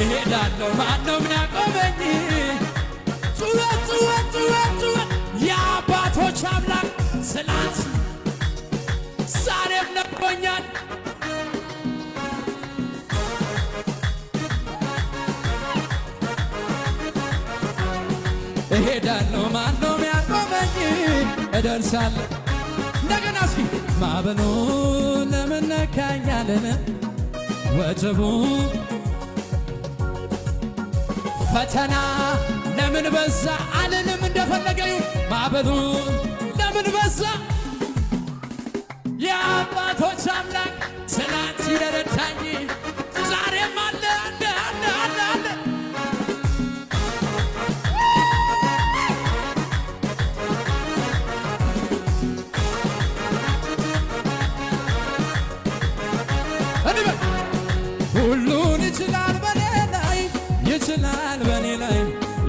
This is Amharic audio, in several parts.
እሄዳለሁ ማነው የሚያቆመኝ? ጩኸት ጩኸት ጩኸት ጩኸት የአባቶች አምላክ ትናንት ዛሬም ነግሮኛል። እሄዳለሁ ማነው የሚያቆመኝ? እደርሳለሁ እንደገና እስኪ ማዕበሉ ለምን ነካኝ ወጀቡ ፈተና ለምን በዛ አልልም እንደፈለገኝ ማበሉ ለምን በዛ የአባቶች አምላክ ትናንት ይደረድ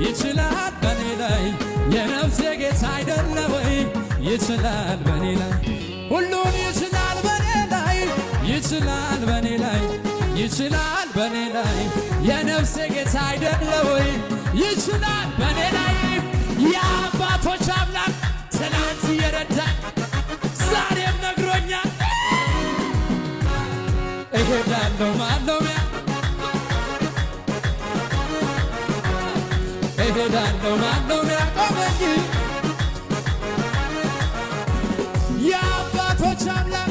ይችላል በኔ ላይ የነፍሴ ጌታ አይደለ ወይ? ይችላል በኔ ላይ ሁሉን ይችላል በኔ ላይ ይችላል በኔ ላይ ይችላል በኔ ላይ የነፍሴ ጌታ አይደለ ወይ? ይችላል በኔ ላይ የአባቶች አምላክ ትናንት እየረዳ ዛሬም ነግሮኛል እሄዳለሁ ማለው እሄዳለሁ ማነው ያቆመኝ? የአባቶች አምላክ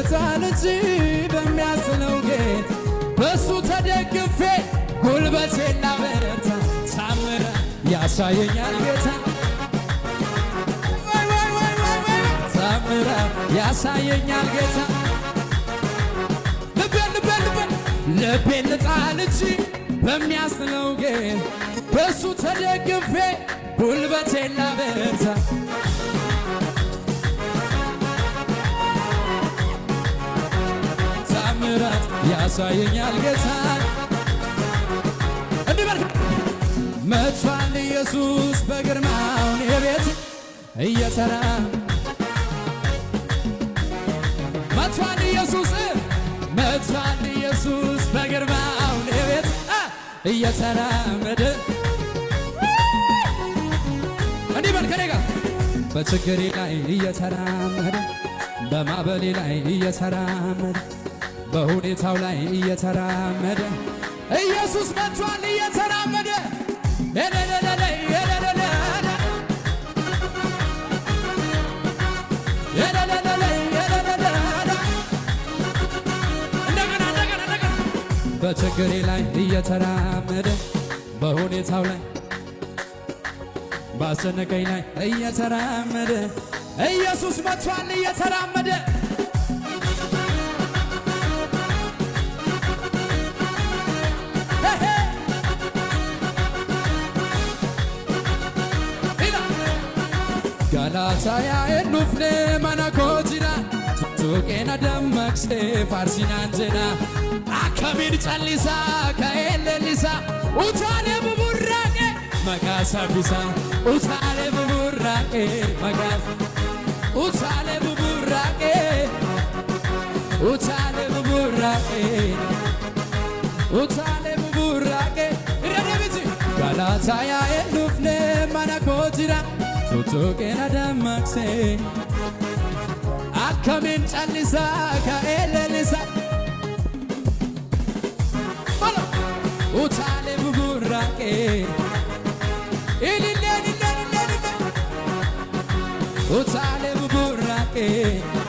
ይሉታል እንጂ በሚያዝነው ጌታ በሱ ተደግፌ ጉልበቴን ላበረታ ታምረ ያሳየኛል ጌታ ታምረ ያሳየኛል ጌታ ልቤን ልቤን ልቤን ልቤን ልጣል በሱ ተደግፌ ጉልበቴን ላበረታ ታምራት ያሳየኛል ጌታ እንዲህ በል መጥቷል ኢየሱስ በግርማውን የቤት ቤት እየሰራ መጥቷል ኢየሱስ መጥቷል ኢየሱስ በግርማውን የቤት ቤት እየተራመደ እንዲህ በል ከኔ ጋር በችግሬ ላይ እየተራመደ በማበሌ ላይ እየተራመደ በሁኔታው ላይ እየተራመደ ኢየሱስ መጥቷል እየተራመደ በችግሬ ላይ እየተራመደ በሁኔታው ላይ በአስጨነቀኝ ላይ እየተራመደ ኢየሱስ መጥቷል እየተራመደ ሰላሳያ ኤንዱፍኔ መነኮቲና ቱቱቄና ደመቅሴ ፋርሲናንቴና አከሚን ጨሊሳ ከኤሌሊሳ ኡታሌ ብቡራቄ መጋሳቢሳ ኡታሌ ብቡራቄ መጋ ኡታሌ ብቡራቄ ኡታሌ ብቡራቄ ኡታሌ ብቡራቄ ረደብቲ ገላታያ ኤንዱፍኔ መነኮቲና a, tuttuqeen adaammaqsee akkamiin callisaa ka'ee lalisaa. Utaalee buburraaqee ilillee ilillee ilillee utaalee buburraaqee.